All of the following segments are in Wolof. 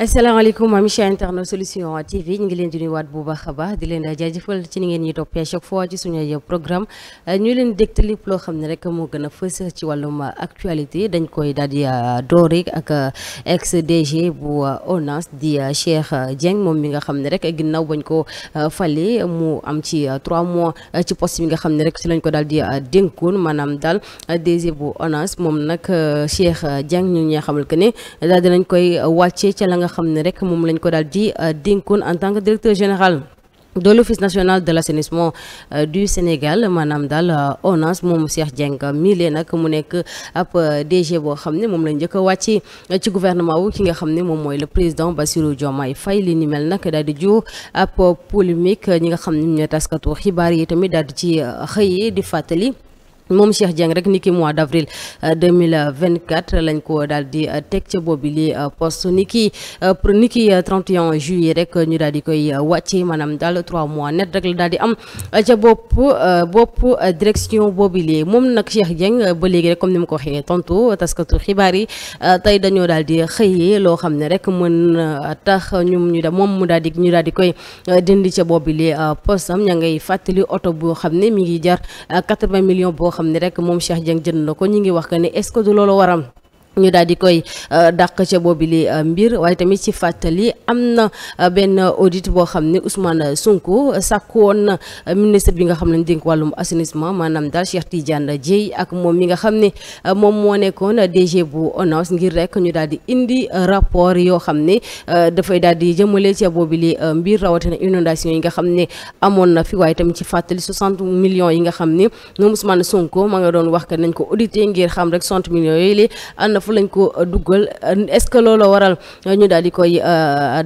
asalaamaaleykum ami chers internautes solution TV ñu ngi leen di nuyuwaat bu baax a baax di leen jaajëfal ci ni ngeen ñuy toppee chaque fois ci suñu programme ñu leen dégtal lépp loo xam ne rek moo gën a fës ci wàllum actualité dañ koy daal di euh, ak euh, ex DG bu euh, ONAS di Cheikh Dieng moom mi nga xam ne rek a ginnaaw bañ ko fale mu am ci 3 mois ci post bi nga xam ne rek ci lañ ko daal di dénkoon maanaam dal daal DG bu ONAS moom nag Cheikh Dieng ñu ngi xamal que ne daal dinañ koy wàccee ca la nga. nga xam ne rek moom lañ ko daal di euh, dénkoon en tant que directeur général de l'office national de la l'assainissement euh, du Sénégal maanaam daal euh, ONAS moom seex Dieng mii lee nag mu nekk ab DG boo xam ne moom lañ njëkk a wàcc ci gouvernement wu ki nga xam ne moom mooy le président Bassirou Diomaye Faye li ni mel nag daal di jur ab polémique ñi nga xam ne ñooy taskatu xibaar yi tamit daal di ci xëyee di fàttali. moom Cheikh Dieng rek ni ki mois d' avril 2024 lañ ko daal di euh, teg ca boobu li post ni ki ni ki 31 juillet rek ñu daal di koy euh, wàcce maanaam daal 3 mois net rek daal di am euh, ca bopp bopp direction boobu li moom nag Cheikh Dieng ba léegi rek comme ni ma ko waxee tontu taskatu xibaar yi tey dañoo daal di xëyee loo xam ne rek mën tax ñu ñu da moom mu daal di ñu daal di koy dindi ca boobu li poste am ña ngay fàttali oto boo xam ne mi ngi jar 80 million boo xam ne rek moom Cheikh Dieng jënd na ngi wax que ne est du loolu waram ñu daal di koy euh, dàq ca bi li euh, mbir waaye tamit ci fàttali am na euh, benn audit boo xam ne Ousmane Sonko sàkku woon na ministre bi nga xam ne dénk wàllum assainissement maanaam daal Cheikh Tidiane Dièye ak moom mi nga xam ne moom moo nekkoon DG bu ONAS ngir rek ñu daal di indi rapport yoo xam ne dafay daal di jëmale ca boobu li mbir inondation yi nga xam ne amoon na fi waaye tamit ci fàttali 60 millions yi nga xam ne moom Ousmane Sonko ma nga doon wax que nañ ko audité ngir xam rek 60 millions yooyu li foofu lañ ko euh, duggal euh, est-ce que looloo waral euh, ñu daal di koy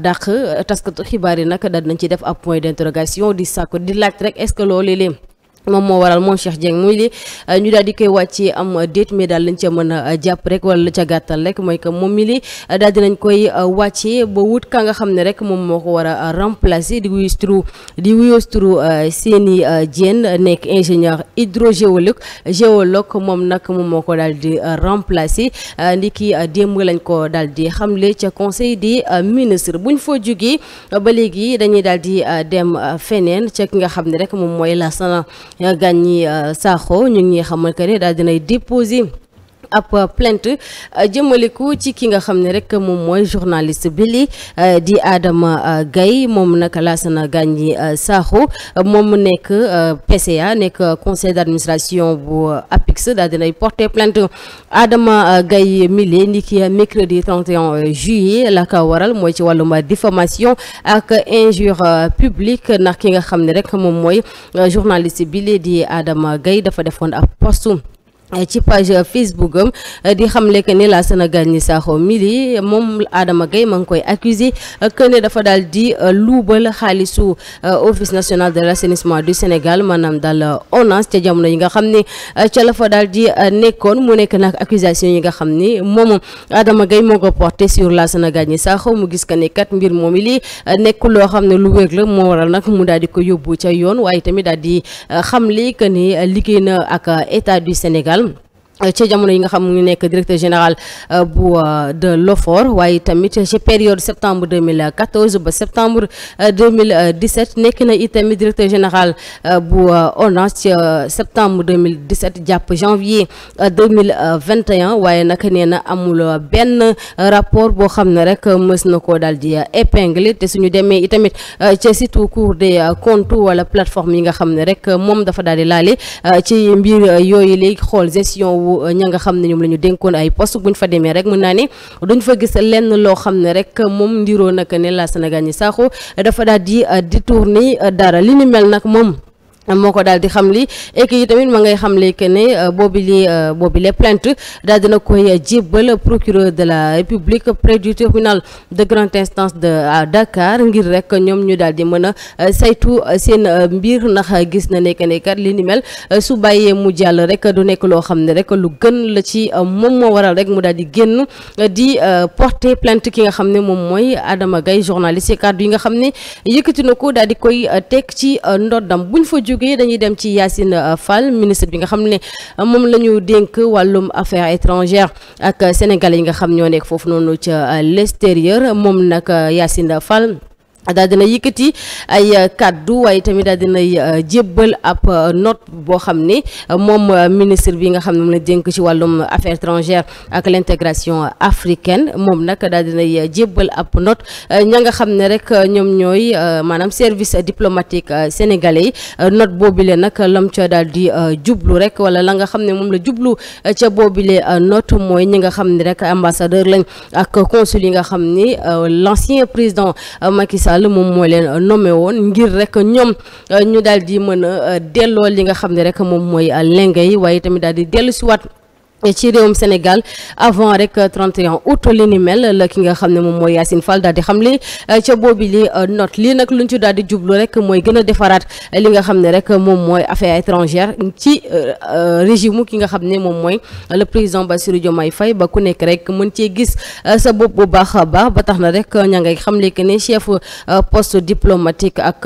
dàq taskatu xibaar yi naka daal nañ ci def ab point d'interrogation di sàkku di laaj rek est-ce que loolee léem moom moo waral moom Cheikh Dieng muy li euh, ñu daal di koy wàcce am déet mais daal lañ ca mën a euh, jàpp rek wala la ca gàttal rek mooy que moom mi li euh, daal dinañ koy wàcce ba wut ka nga xam ne rek moom moo ko war a remplacer di wuyus turu di wuyus turu Seny Dieng nekk ingénieur hydrogéologue géologue moom nag moom moo ko daal di remplacer ndiki démb lañ ko daal di xamle ca conseil des ministres buñ foo jógee ba léegi dañuy daal di dem feneen ca ki nga xam ne rek moom mooy la Lassana gan Gagny euh, Sakho ñu ngi xamal que ne daal dinay déposé ab plainte euh, jëmaliku ci ki nga xam ne rek moom mooy journaliste bi li euh, di aadama euh, Gaye moom nag Lassana Gagny Sakho moom mu nekk PCA nekk conseil d'administration bu APIX daal dinay porter plainte Adama Gaye mile ni ki mercredi juillet la ko waral mooy ci wàllum diffamation ak injure publique ndax ki nga xam ne rek moom mooy journaliste bi li di aadama gay dafa defoon ab postu Eh, ci page eh, Facebook am eh, di xamle que ni Lassana Gagny Sakho mili moom Adama Gaye ma ngi koy accusé que ne dafa daal di luubal xaalisu office national de l' assainissement du Sénégal maanaam daal ONAS ca jamono yi nga xam ne ca daal di nekkoon mu nekk nag accusation yi nga xam ni moom Adama Gaye moo ko porté sur Lassana ni Sakho mu gis que ne kat mbir moom li nekk loo xam ne lu wér la moo waral nag mu daal di ko yóbbu ca yoon waaye tamit daal di xamle que ni liggéey na ak état du Sénégal. calme ci jamono yi nga xam mu ngi nekk directeur général euh, bu euh, de l'OFOR waaye tamit ci période septembre 2014 ba septembre 2017 euh, nekk na itamit directeur général bu ONAS ci septembre 2017 jàpp janvier 2021 waaye nag nee na amul benn rapport boo xam ne rek mës na koo daal di épingle te suñu demee itamit ci site Cour des comptes wala plateforme yi nga xam ne rek moom dafa daal di laale ci mbir yooyu léegi xool gestion bu euh, ña nga xam ne ñoom la ñu dénkoon ay poste buñ fa demee rek mën naa ne dañu fa gis lenn loo xam ne rek moom ndiroo nag ne la Sénégal ñi saaxu dafa daal di tuur euh, détourner euh, dara li ni mel nag moom moo ko daal di xam li et que tamit ma ngay xam le que ne euh, boobi li euh, boobi les plaintes daal dina koy jébbal procureur de la république près du tribunal de grande instance de Dakar ngir rek ñoom ñu daal di mën a euh, saytu seen mbir nax gis na ne que ne kat li ni su bàyyee mu jàll rek du nekk loo xam ne rek lu gën la ci moom moo waral rek mu daal di génn di porte plainte ki nga xam ne moom mooy Adama gay journaliste kàddu yi nga xam ne yëkkati na ko daal di koy teg ci ndo jógee dañuy dem ci Yacine euh, Fall ministre bi nga xam ne euh, moom la ñu dénk wàllum affaires étrangères ak sénégalais yi nga xam ñoo nekk foofu noonu ca euh, l'extérieur moom nag Yacine Fall. daal dina yëkkati ay euh, kàddu waaye tamit daal dina euh, jébbal ab euh, not boo xam ne moom ministre bi nga xam ne moom la dénk ci wàllum affaires étrangères ak l'intégration africaine moom nag daal dina jébbal ab not ña nga xam ne rek ñoom ñooy maanaam service diplomatique sénégalais yi note boobile nag lam ca daal di jublu rek wala la nga xam ne moom la jublu ca boobile not mooy ñi nga xam ni rek ambassadeur lañ ak consul yi nga xam ni l'ancien président Macky Sall moom moo leen euh, nommé woon ngir rek ñoom euh, ñu daal di mën a euh, delloo li nga xam ne rek moom mooy lenge yi waaye tamit daal di dellu si waat ci réewum Sénégal avant rek 31 euh, août li ni mel la ki nga xam ne moom mooy Yacine Fall daal di xam li euh, ca boobi li euh, note lii nag luñ ci daal di jublu rek mooy gën a defaraat li nga xam ne rek moom mooy affaire étrangère ci régime ki nga xam ne moom mooy le président Bassirou Diomaye Faye ba ku nekk rek mën cee gis sa bopp bu baax a baax ba tax na rek ña ngay xam le que ne chef poste diplomatique ak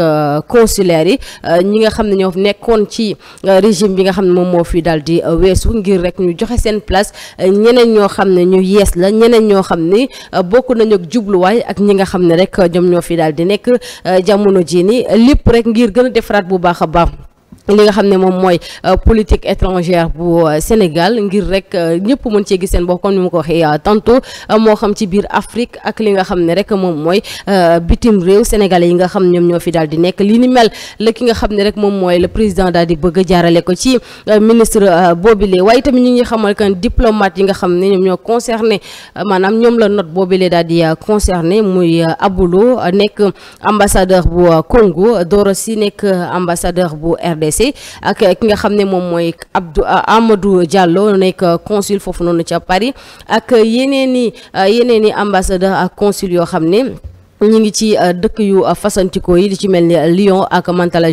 consulaire yi ñi nga xam ne ñoo nekkoon ci régime bi nga xam ne moom moo fi daal di weesu ngir rek ñu joxe seen place euh, ñeneen ñoo xam ne ñu yees la ñeneen ñoo xam ne euh, bokk nañu ak jubluwaay ak ñi nga xam ne rek euh, ñoom ñoo fi daal di nekk jamono jii nii lépp rek ngir gën defaraat bu baax a baax. li nga xam ne moom mooy euh, politique étrangère bu euh, Sénégal ngir rek euh, ñëpp mën cee gis seen bopp kon ni mu ko waxee tantôt moo xam ci biir Afrique ak li nga xam ne rek moom mooy bitim réew sénégalais yi nga xam ñoom ñoo fi daal di nekk li ni mel la ki nga xam ne rek moom mooy le président daal di bëgg jaarale ko ci ministre boobile waaye tamit ñu ngi xamal kan diplomate yi nga xam ne ñoom ñoo concerné maanaam ñoom la note boobile daal di concerné muy Aboulo nekk ambassadeur bu Congo Doro Sy nekk ambassadeur bu RDC blessé ak ki nga xam ne moom mooy Abdou euh, Amadou Diallo nekk consul foofu noonu ca Paris ak yeneen euh, yeneen i ambassadeur ak consul yoo xam ne ñu ngi ci euh, dëkk yu euh, fasantikoo yi li ci mel ni euh, Lyon ak mantes la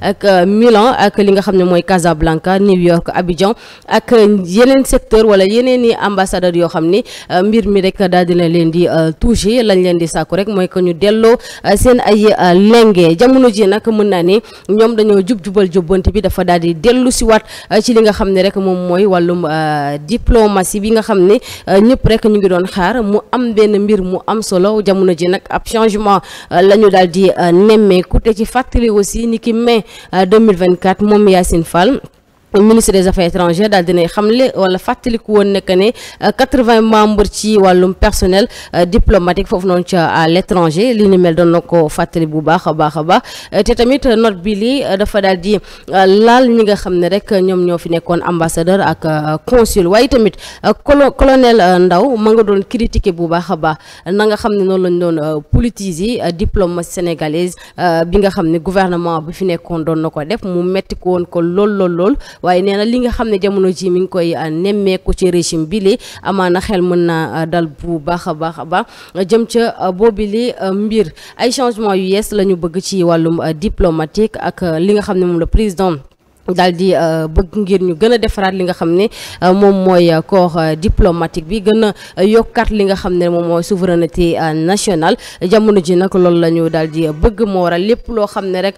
ak Milan ak li nga xam ne mooy Casablanca New York Abidjan ak yeneen secteur wala yeneen i ambassadeur yoo xam ni mbir mi rek daal dina leen di touché lañ leen di sàkku rek mooy que ñu delloo seen ay lenge jamono ji nag mën naa ni ñoom dañoo jub jubal jubbante bi dafa daal di dellu si waat ci li nga xam ne rek moom mooy wàllum diplomatie bi nga xam ne ñëpp rek ñu ngi doon xaar mu am benn mbir mu am solo jamono ji nag. changement euh, la ñu daal di euh, nemmeeku te ci fàttali aussi ni ki euh, vingt 2024 moom Yacine Fall ministre des affaires étrangères daal dinay xamle wala fàttaliku woon ne que ne euh, quatre-vingts membres ci wàllum personnel euh, diplomatique foofu noonu ca à l'étranger li ni mel doon na ko fàttali bu baax a baax a baax euh, te tamit not bi lii dafa daal di laal ñi nga xam ne rek ñoom ñoo fi nekkoon ambassadeur ak consul waaye tamit colonel Ndaw ma nga doon critiquer bu baax a baax na nga xam ne noonu lañ doon politiser diplomatie sénégalaise bi nga xam ne gouvernement bi fi nekkoon doon na ko def mu metti woon ko lool lool lool waaye nee na li nga xam ne jamono jii mi ngi koy euh, nemmeeku ci régime bi li amaana xel mën naa euh, dal bu baax a baax a baax jëm ca euh, boobi li mbir ay changement yu yees la ñu bëgg ci wàllum diplomatique ak li nga xam ne moom la président daal di euh, bëgg ngir ñu gën a defaraat li nga xam ne euh, moom mooy euh, corps diplomatique bi gën a yokkaat li nga xam ne moom mooy souveraineté nationale jamono ji nag loolu la ñu daal di bëgg moo waral lépp loo xam ne rek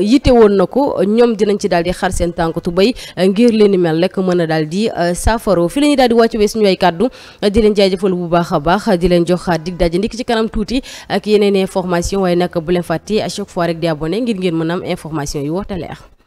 yite woon na ko ñoom dinañ ci daal di xar seen tànk tubéy ngir leen mel rek mën a daal di saafaro fi la ñuy daal di wàcc wee suñu ay kàddu di leen jaajëfal bu baax a baax di leen joxaat di daje ndik ci kanam tuuti ak yeneen information waaye nag bu leen fàtte à chaque fois rek di abonné ngir a am information yu waxte leer